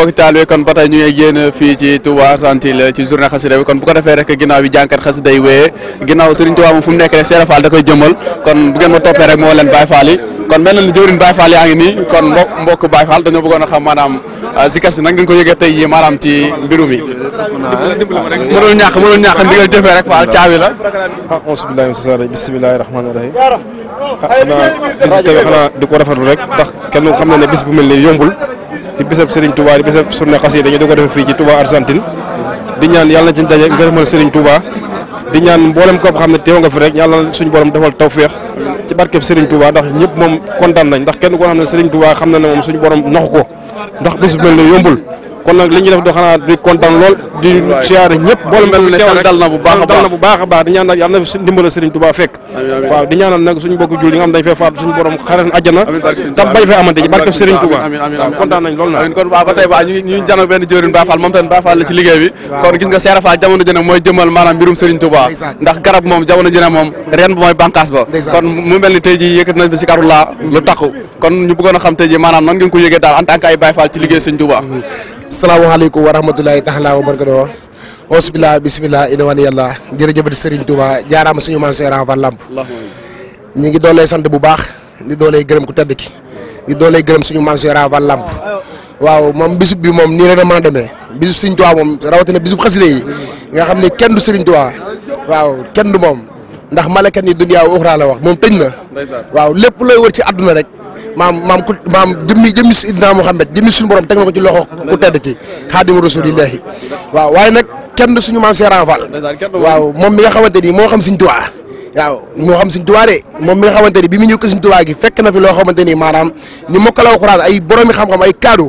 mbokki taalibe kon ba tey ñu ngi génn fii ci Touba Argentine ci journée xasida bi kon bu ko defee rek ginnaaw bi jànkat xasida yi wéyee ginnaaw Serigne Touba moom fu mu nekk rek Serigne Fall da koy jëmmal kon bu ngeen ma toppee rek moo leen Baye Fall yi kon mel na ni jëwriñ Baye Fall yaa ngi nii kon mbokk mbokk Baye Fall dañoo bëggoon a xam maanaam zikas ah, nag ngeen ko yëgee tey yi maanaam ci mbiru mi mënul ñàkk mënul ñàkk ndigal jëfee rek Fall caabi la bismillahi rahmaani rahim ah xanaa bis bi tamit xanaa di ko rafetlu rek ndax kenn xam na bis bu mel nii yombul di bisab Serigne Touba di bisab surne xasida dañu di ko defee fii ci Touba Argentine di ñaan yàlla na ci daje ngërëmal Serigne Touba di ñaan mboolem ko xam ne teew fi rek yàlla suñu borom defal tawféex ci barkeb Serigne Touba ndax ñëpp moom kontaan nañ ndax kenn koo xam ne Serigne Touba xam na ne moom suñu borom naxu ko ndax bés ne yombul kon nag li ñu def do xanaa di kontaan lool di siyaare ñëpp boolem teewal dal na bu baax a baax di ñaan nag yàlla na fi ndimbalu Serigne di ñaanal nag suñu mbokk jul yi nga xam dañ fee faatu suñu borom tam bañ fee ci moom tamit liggéey bi kon gis nga Seera Fall jamono jëne mooy jëmal maanaam mbirum Serigne Touba ndax garab moom jamono jëne moom ren ba mooy bànqaas ba kon mu mel ni tey ji yëkkati nañ fi si karulaa lu takku kon ñu bëggoon a xam tey maanaam nan ngeen ko daal en salaamaaleykum wa rahmatulahi taala wa barkatoo bisimilah bisimilah ina wani yàlla jërëjëf di Serigne Touba jaaraama suñu maam Seex Faal Lamp ñi ngi doolee sant bu baax di doolee gërëm ku tedd ki di doolee gërëm suñu maam Seex Faal Lamp waaw moom bisub bi moom nii rek la mën a demee bisub Serigne moom rawatina bisub xasida yi nga xam ne kenn du Serigne Touba waaw kenn du moom ndax malakat yi dunyaa wa uxraa wax moom tëj na waaw lépp looy wër ci àdduna rek maam maam ku maam jëmmi jëmmi Seydina Muhammad jëmmi suñu borom teg na ko ci loxo ku tedd ki xaadimu rasulillahi waaw waaye nag kenn suñu maam Seeraa Fall waaw moom mi nga xamante ni moo xam Sëriñ Tuubaa waaw moo xam Sëriñ Tuubaa moom mi nga xamante ni bi mu ñëw ko Sëriñ Tuubaa gi fekk na fi loo xamante ni maanaam ñu mokkal Alxuraan ay boroomi xam-xam ay kaddu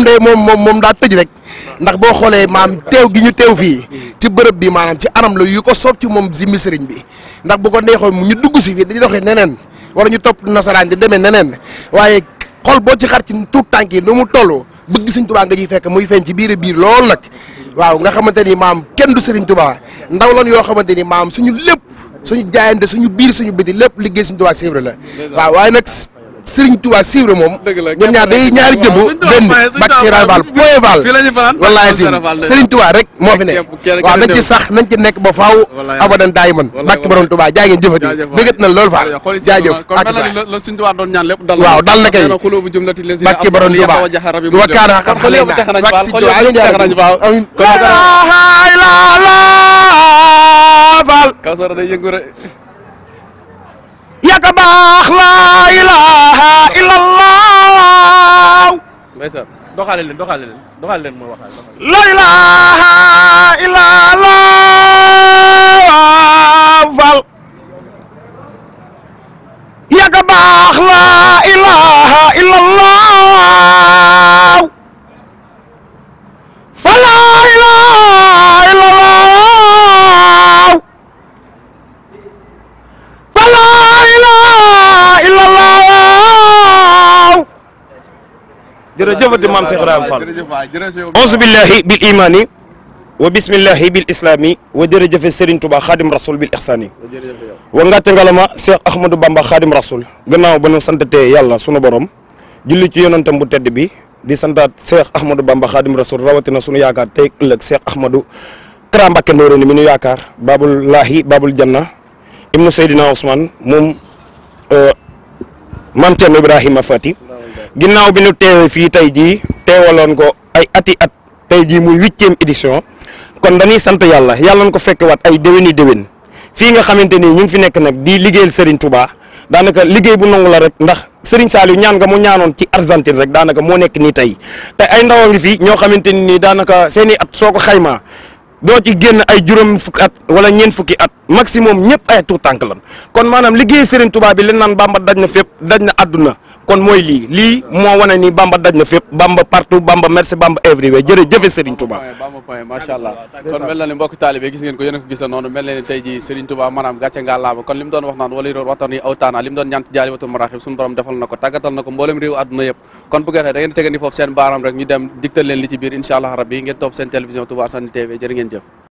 moom day moom moom moom daa tëj rek ndax boo xoolee maam teew gi ñu teew fii ci bërëb bi maanaam ci anam la yu ko soob ci moom si misiriñ bi ndax bu ko neexoon ñu dugg si fii dañuy doxee neneen wala ñu topp nasaraan di demee neneen waaye xol boo ci xar ci tuut tànk yi nu mu toll bëgg Sëriñ Tuubaa nga ciy fekk muy feeñ ci biir biir lool nag waaw nga xamante ni maam kenn du Sëriñ Tuubaa ndaw lan yoo xamante ni maam suñu lépp suñu jaayante suñu biir suñu biti lépp liggéey Sëriñ Tuubaa sivre la waaw waaye Serigne Touba Sivre moom. ñoom ñaar day ñaari jëmm benn bàcc si Raval Poye Val. walaay si Serigne Touba rek moo fi nekk waaw nañ sax nañ nekk ba faaw abadan daay man bàcc borom Touba jaay ngeen jëfati bëggat na loolu faal jaajëf ak sa waaw dal na kay bàcc borom Touba wa kaana xaqan xale naa bàcc si Touba amiin yaa rabbi laa laa faal yaa ka baax laa ilaaha illallah. ndeysaan doxaale leen doxaale leen doxaale leen mooy waxaale. laa ilaaha illallah. jëfati maam Cheikh Ibrahima Fall auzu billahi bil imaani wa bismillahi bil islaami wa jërëjëfe Serigne Touba xaadim rasul bil ixsaani wa ngàcce ngalama Cheikh Ahmadou Bamba xaadim rasul gannaaw ba ñu te yàlla sunu borom julli ci yonantam bu tedd bi di santaat Cheikh Ahmadou Bamba xaadim rasul rawatina sunu yaakaar tey ëllëg Cheikh Ahmadou Kara Mbacké Noreyni mi nu yaakaar babul laahi babul janna ibnu Seydina Ousmane moom euh, maam Thierno a Fati ginnaaw bi ñu teewee fii tey jii teewaloon ko ay ati at tey jii muy huitième édition kon dañuy sant yàlla yàlla na ko fekkewaat ay déwéni déwén fii nga xamante ni ñu ngi fi nekk nag di liggéeyal Serigne Touba daanaka liggéey bu nangu la rek ndax Serigne Saliou ñaan nga mu ñaanoon ci Argentine rek daanaka moo nekk nii tey te ay ndaw ngi fi ñoo xamante ni daanaka seeni at soo ko xaymaa doo ci génn ay juróom fukki at wala ñeent fukki at. maximum ñëpp ay tout tànk lan kon maanaam liggéey Serigne Touba bi naan Bamba daj na fépp daj kon mooy lii lii moo wane ni Bamba daj na Bamba partout Bamba merci Bamba everywhere jërëjëf Serigne Touba. Bamba point macha allah kon mel na ni mbokk taalibe gis ngeen ko yéen a ko gisa noonu mel na ni tey ji Serigne Touba maanaam defal na ko tàggatal na ko mboolem réew àdduna yëpp kon bu gerte da ngeen tegandi seen baaram rek ñu dem digtal leen